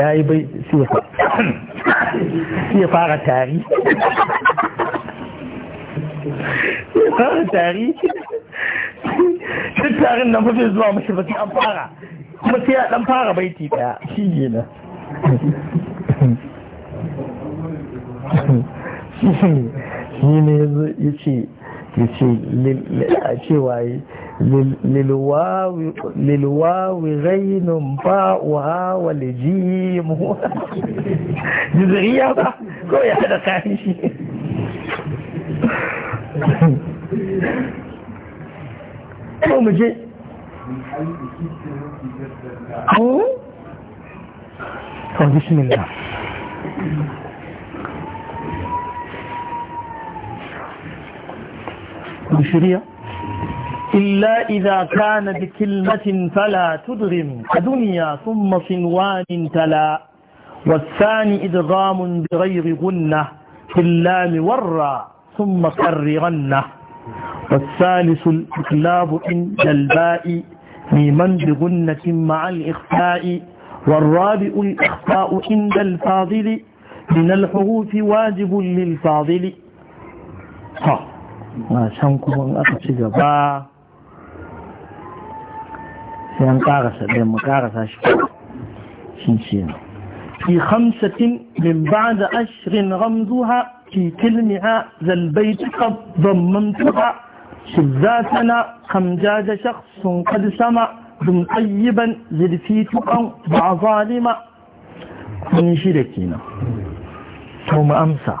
ya yi bai sai fara tari fara tari duk tarin nan mafi zuwa mashi ba an fara kuma sai ya dan fara baiti daya shi ne na shi ne ya ce ya cewa waye lilwawi rainun wa lijimu jizriya ba ko ya kayan shi ko mu je ko hmm? bismillah بشرية إلا إذا كان بكلمة فلا تدغم كدنيا ثم صنوان تلا والثاني إدغام بغير غنة في اللام ورى ثم كرغنة والثالث الإقلاب عند الباء ميمن بغنة مع الإخفاء والرابع الإخفاء عند الفاضل من الحروف واجب للفاضل ها ba can kuma aka ci gaba sai an karasa ɗaya mu karasa shi shi ce ne fi hamsatin min ba da ashirin ramzuha fi kilmiha zalbai tuka zamman tuka shizatana kamja da shaksun kad sama dum tsayiban zirfi tukan ba zalima kun shi da kina to mu amsa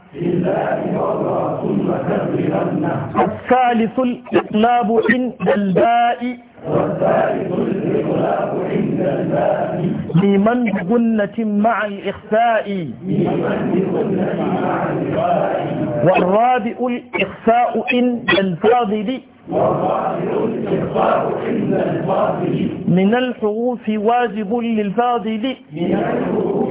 الثالث الإقلاب عند الباء لمن بغنة مع الإخفاء والرابع الإخفاء عند الفاضل من الحروف واجب للفاضل من الحروف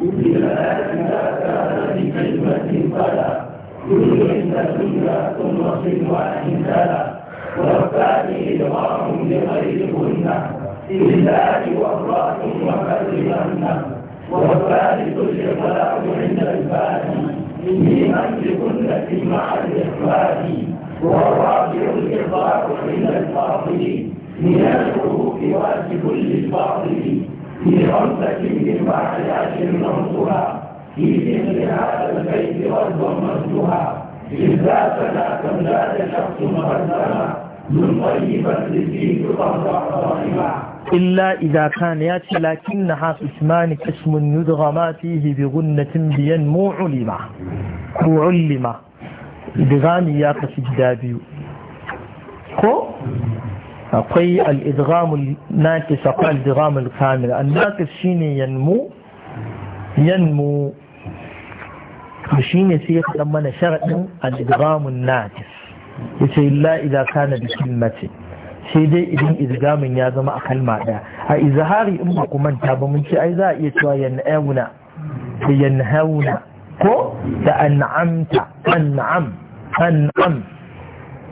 كل ملائكة كانت بكلمة فلا كل عند سنة ثم وإنزالا وكاني إدغام لغيرهن إلا وامرأة وكلمهن وثالث الإغلاق عند الفاتي في منزل في مع الإخوان والرابع الإخلاق عند الفاضل من الحروف واجب للفاضل في خمسة في هذا البيت إذا شخص من طيبة ظالمة إلا إذا كان ياتي لكنها قسمان قسم يدغى ما فيه بغنة بينمو علما هو علمة إدغامي يا قسم دابيو كو أقي الإدغام الناكس أقي الإدغام الكامل الناكس شين ينمو ينمو بشين يسير لما نشرت الإدغام الناكس يصير الله إذا كان بكلمة سيدي إذن إدغام يازم أقل ما إذا إظهاري أمك من تاب من شيء أيضا يتوى ينأونا ينهونا كو فأنعمت أنعم, أنعم.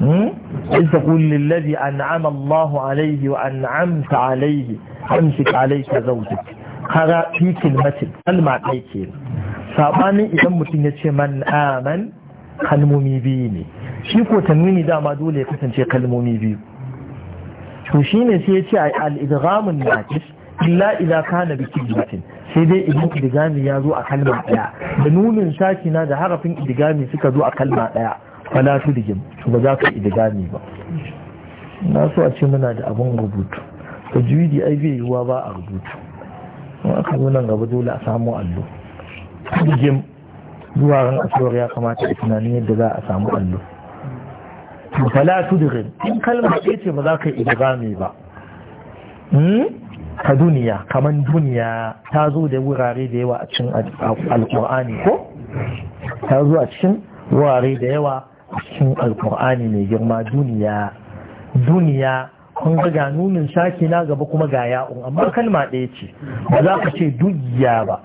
إذ hmm? تقول للذي أنعم الله عليه وأنعمت عليه أمسك عليك idan mutum ya ce man kalmomi biyu ne shi ko tanwini dama dole ya kasance kalmomi biyu to shi ne sai ya ce a na naƙis illa ila kana bi kilimatin sai dai idan idgami ya zo a kalma ɗaya da nunin sashi na da harafin idgami suka zo a kalma ɗaya fala tudgim to ba za ka gami ba na so a ce muna da abin rubutu da juwidi ai bai yiwuwa ba a rubutu in aka zo nan gaba dole a samu allo tudgim zuwa ran asuwar ya kamata a tunanin yadda za a samu allo to fala tudgim in kalma ɗaya ce ba za ka gami ba hmm? ka duniya kamar duniya ta zo da wurare da yawa a cikin alkur'ani ko ta zo a cikin wurare da yawa a cikin alkur'ani mai girma duniya duniya kun ga ga nunin saki na gaba kuma ga ya'un amma kalma ɗaya ce ba za ka ce dukiya ba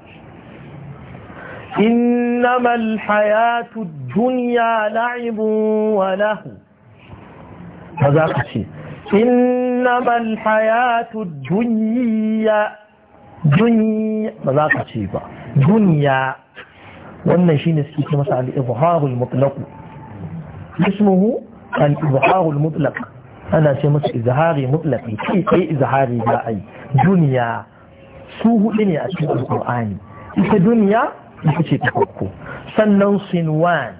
Ba za ka ce. وله hayatu قصي Duniya. Ba za ka ce ba. Duniya. wannan ne suke masa al-izharul mutlaq ismuhu al-izharul mutlaq ana ce musu izhari mutlaki. kai kai izhari za a yi duniya su hudu ne a cikin alqur'ani ita duniya ita ce ta farko sannan sinwan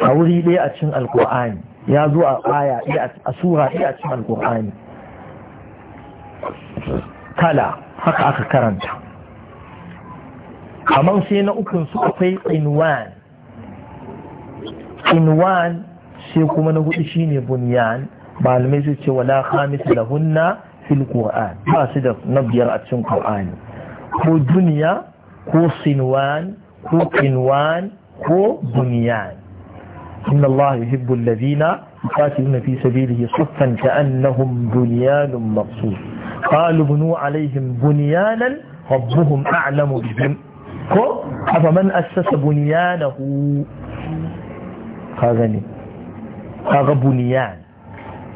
a wuri ɗaya a cikin alqur'ani ya zo a sura ɗaya a cikin alqur'ani kala haka aka karanta kamar sai na ukun su akwai tsinwan inwan sai kuma na hudu shine bunyan ba alimai su ce wala khamis lahunna fil qur'an ba da na biyar a cikin qur'ani ko duniya ko sinwan ko kinwan ko bunyan inna allah yuhibbu alladhina yuqatiluna fi sabilihi suffan ka'annahum bunyanun maqsud qalu bunu alaihim bunyanan rabbuhum a'lamu bihim ko afaman asasa bunyanahu ka gani kaga buniyan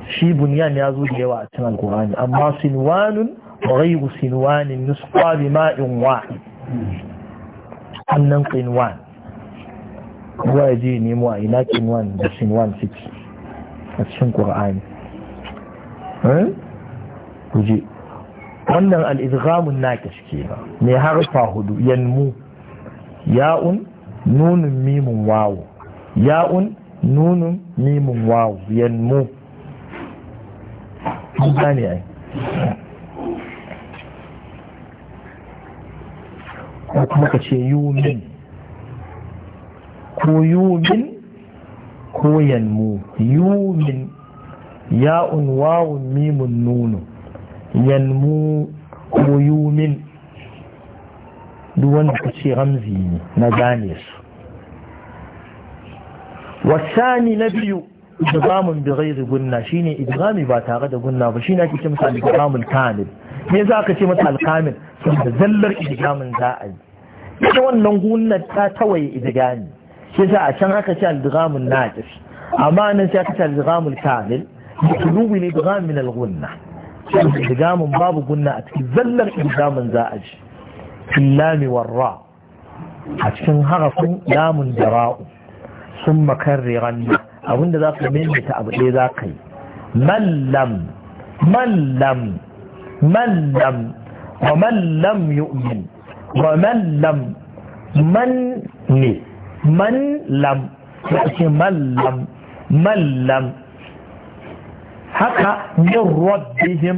shi buniyan ya zo da yawa a cikin alkur'ani amma sinwanun ghayru sinwanin nusqa bi ma'in wahid annan qinwan ruwa ya je mu a ina qinwan da sinwan suke a cikin qur'ani eh? kuje wannan al-idghamun naqish ke ba mai harfa hudu yanmu ya'un nunun mimun wawu ya'un nunun mimun waw yanmu mun ai ko kuma ka ce yumin ko yumin ko yanmu yumin ya'un wawun mimun nunu yanmu ko yumin duk wanda ka ce ramzi ne na gane su والثاني نبي إدغام بغير قلنا شيني إدغامي باتا غدا قلنا فشيني أكي تمسى الإدغام الكامل ميزا أكي تمسى الكامل سنبه ذلر إدغام زائد يتوان لنقولنا تاتوي إدغام ميزا أشان أكي تمسى الإدغام الناجر أما نسي أكي تمسى الإدغام الكامل يتلوب الإدغام من الغلنا إدغام باب قلنا أكي ذلر إدغام زائد في اللام والراء أشان هغفن لام جراؤ ثم كرغن أبن ذاك من متأبئي إيه ذاكي من لم من لم من لم ومن لم يؤمن ومن لم من لم من لم يأتي من لم من لم حقا من ربهم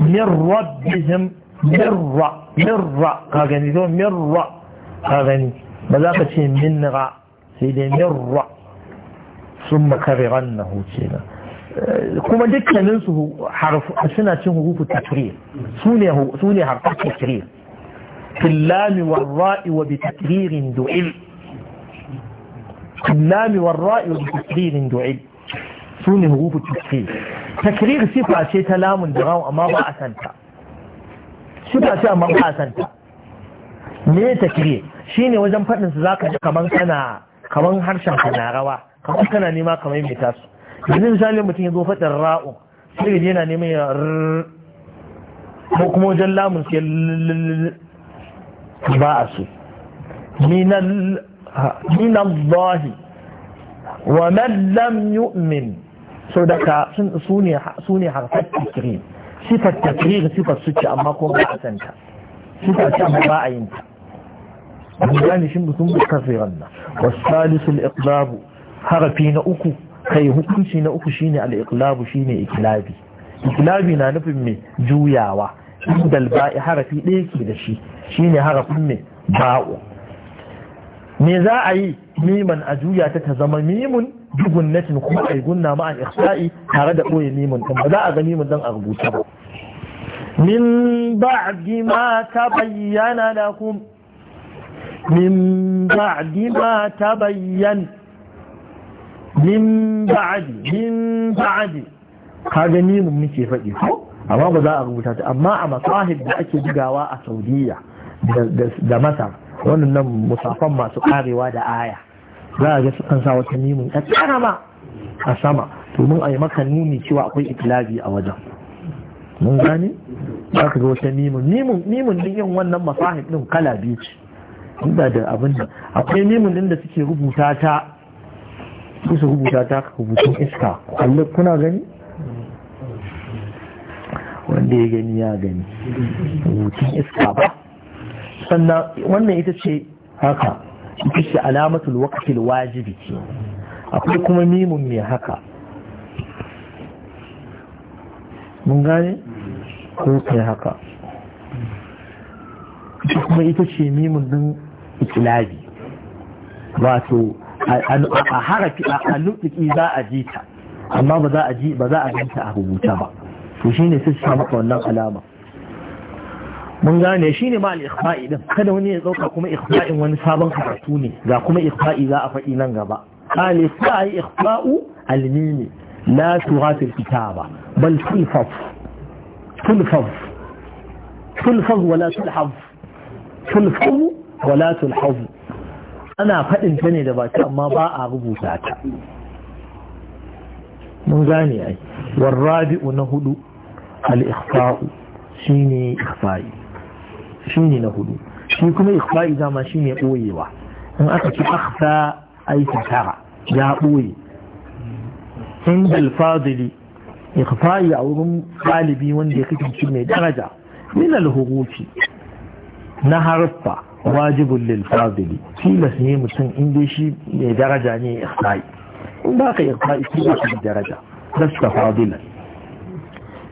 من ربهم من مرة من ذو من قاقني من قاقني من من من غا sai dai mirra sun makariran na huce na eh, kuma dukkaninsu suna cin hurufu takriyar su ne harfar takriyar fillami warra'i wa bi takririn du'il fillami ra'i wa bi takririn du'il su ne hurufu takriyar takrir sifa ce ta lamun da rawun amma ba a santa sifa ce amma ba a santa ne Shi ne wajen faɗinsu za ka ji kamar kana kamar harshen ka rawa kamar kana nema kamar mai tasu yanzu misali mutum ya zo faɗin ra'u sai ya yana neman ya ko kuma wajen lamun sai ba a so minal zahi wa man lam yu'min so daga su ne su ne harfar takrir sifar takrir sifar suke amma kuma ba a santa sifar ce amma ba a yin ta gudani shi mutum da kafe wannan wasu iklabu harafi na uku kai hukunci na uku shine al shi ne iklabi ikilabi na nufin mai juyawa inda harafi ɗaya ke da shi shine harafin mai ba'u me za a yi miman a juya ta ta zama mimun dugun natin kuma a yi gunna ma'an ikhsa'i tare da ɓoye mimun ɗin ba za a ga mimun don a rubuta ba min ba'di ma ta bayyana lakum من بعد ما تبين من بعد من بعد kaga mimun muke faɗi amma ba za a rubuta ta amma a masahib da ake bugawa a saudiya da masar wannan musafan masu karewa da aya za a ga sukan sa wata mimun ta karama a sama domin a yi maka nuni cewa akwai ikilabi a wajen mun gane za ka ga wata mimun mimun din yin wannan masahib din kala biyu ce ba da abin da akwai memun din da suke rubuta ta kusa rubuta ta rubutun iska kwallo kuna gani wanda ya gani ya gani rubutun iska ba sannan wannan ita ce haka ita ce alamatul wakil wajibi ce akwai kuma mimun mai haka mun gane ko kai haka kuma ita ce mimun din ikilabi wato a harafi a lutsuki za a ji ta amma ba za a ji ba za a ganta a rubuta ba to shi shine sai sa maka wannan alama mun gane shine ma al-ikhfa'i din kada wani ya dauka kuma ikhfa'in wani sabon karatu ne ga kuma ikhfa'i za a faɗi nan gaba al-ikhfa'i ikhfa'u al la tughat al-kitaba bal tulfaf tulfaf tulfaf wala tulhaf tulfaf walatul hazu ana faɗin ta ne da baki amma ba a rubuta ta mun gane ai warrabi'u na hudu al-ikhfa'u shine ikhfa'i shine na hudu shi kuma ikhfa'i dama shine boyewa in aka ci akhfa ai tara ya boye inda al-fadili ikhfa'i a wurin ɗalibi wanda ya kasance mai daraja min al na harfa Wajibin lil tilas ne mutum in shi mai daraja ne ihsa'i in ba ka ihsa'i shi ba ka daraja lasta fadila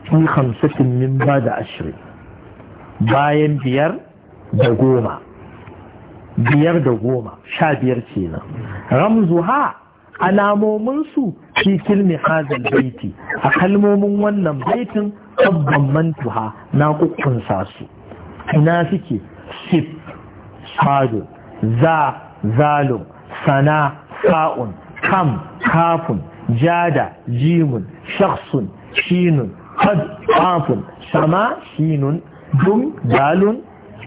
shi hamsatin min ba da ashirin bayan biyar da goma biyar da goma sha biyar kenan ramzu ha alamominsu shi kilmi hazal baiti a kalmomin wannan baitin tabban mantuha na kukkunsa su ina suke sif صاد ذا ذال سنا ساء كم كاف جاد جيم شخص شين قد قاف سما شين دم دال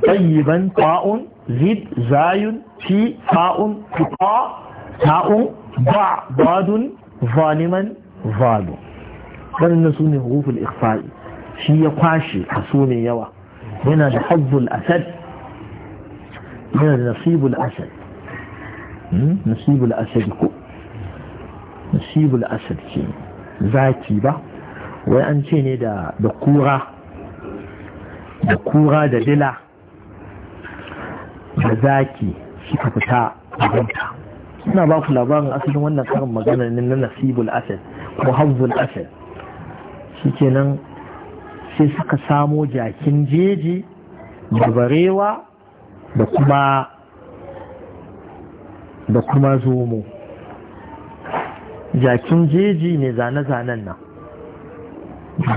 طيبا طاء زد زاي في فاء تقاء تاء ضع ضاد ظالما ظال waɗannan النسوني ne huruful ikhfa'i shi ya kwashe kaso mai yawa yana yana da nasibul asad nasibul asad ko asad ce zaki ba wai an ce ne da kura da kura da dila da zaki suka fita a ganta ina ba ku labarin asalin wannan karin magana ne na nasibul asad ko hafzul asad shikenan sai suka samo jakin jeji da barewa da kuma da kuma zomo jakin jeji ne zane-zanen nan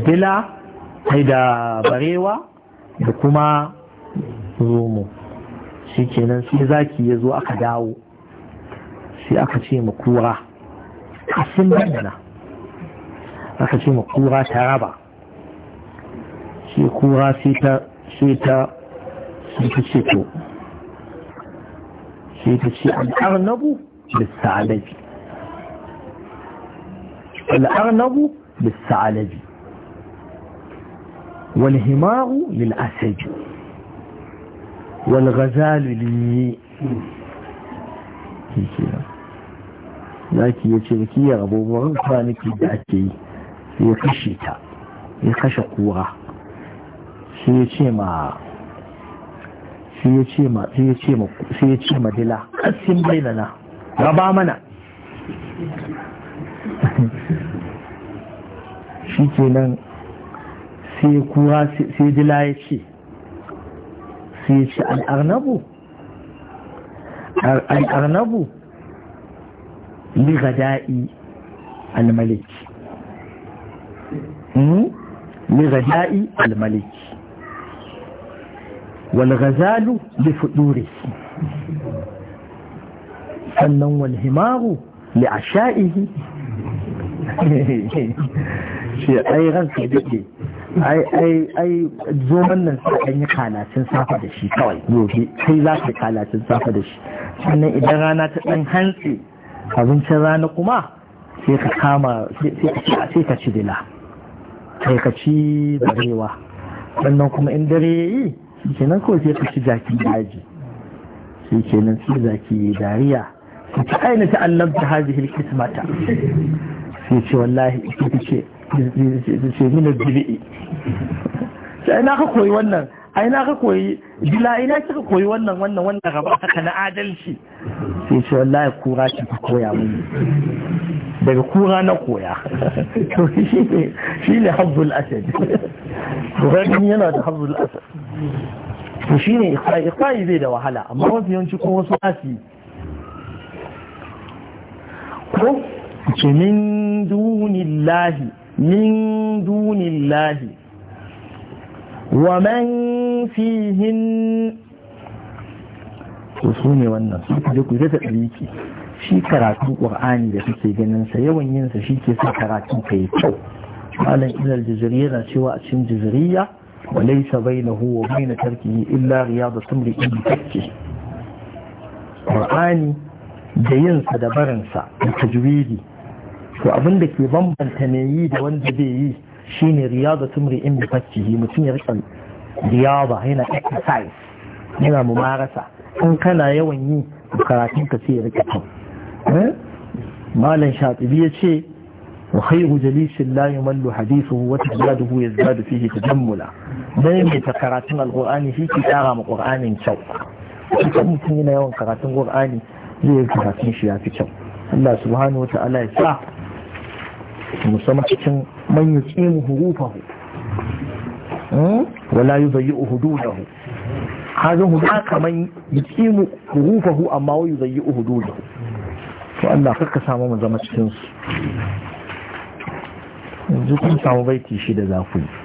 bila sai da barewa da kuma zomo shi kenan sai zaki ya zo aka dawo sai aka ce ma kura sun bayyana, aka ce ma kura ta raba shi kura sai ta sai ta ce to sai ta ce al'arnabu lissalabi al'arnabu lissalabi والهمار للأسد والغزال لي zaki ya ce ki ya rabo wurin kwanaki da ake yi ya kashe ta ya kashe kura sai ce ma sai ya ce ma dila, ya ce ma dila bainana raba mana shi ke nan sai kuwa sai dila ya ce sai ya ce al'arnabu al'arnabu liga da'i al-malik hmm? li gada'i والغزال لفدوره سنن والهمار لعشائه shi ai ranka dake ai ai ai zoman nan sai an yi kalacin safa da shi kawai gobe sai za ka kalacin safa da shi sannan idan rana ta dan hantsi abincin rana kuma sai ka kama sai ka ci dila sai ka ci barewa sannan kuma in dare yayi shi kenan kawai sai ka ci jakin daji shi kenan sai zaki dariya ka ci aina ta annabta hajji kismata sai ce wallahi ita ce ce mina bibi'i sai na ka koyi wannan ai na ka koyi jila ina kika koyi wannan wannan wannan gaba haka na adalci sai ce wallahi kura ki ka koya mini daga kura na koya to shi ne shi ne habbul asad to yana da habbul asad to shi ne ikhfa'i zai da wahala amma wasu yawanci ko wasu nasi ko ce min dunillahi min dunillahi wa man fihin to su ne wannan su kaje ku da tsariki shi karatun ƙur'ani da suke ganin sa yawan yin sa shi ke sa karatun kai kyau malam ilal jaziriya na cewa a cikin jaziriya وليس بينه وبين تركه إلا رياضة امرئ بفكه قرآني da yinsa da barinsa da tajwidi to abin da ke bambanta mai yi da wanda zai yi shine riyada tumri in bi mutum ya rika riyada yana exercise yana mumarasa in kana yawan yi karatun ka sai ya rika kyau malam shatibi ya ce وخير جليس لا يمل حديثه وتزداده يزداد فيه تجملا دائما تقراتن القرآن في كتاب قرآن شو idan mutum yana yawan karatun qur'ani zai yi karatun shi ya fi kyau Allah subhanahu wa ta'ala ya sa musamman cikin man yuqimu hurufahu wala yudayyi'u hududahu hazan huda kaman yuqimu hurufahu amma wa yudayyi'u Allah samu mu zama cikin su yanzu kun samu baiti shida za ku yi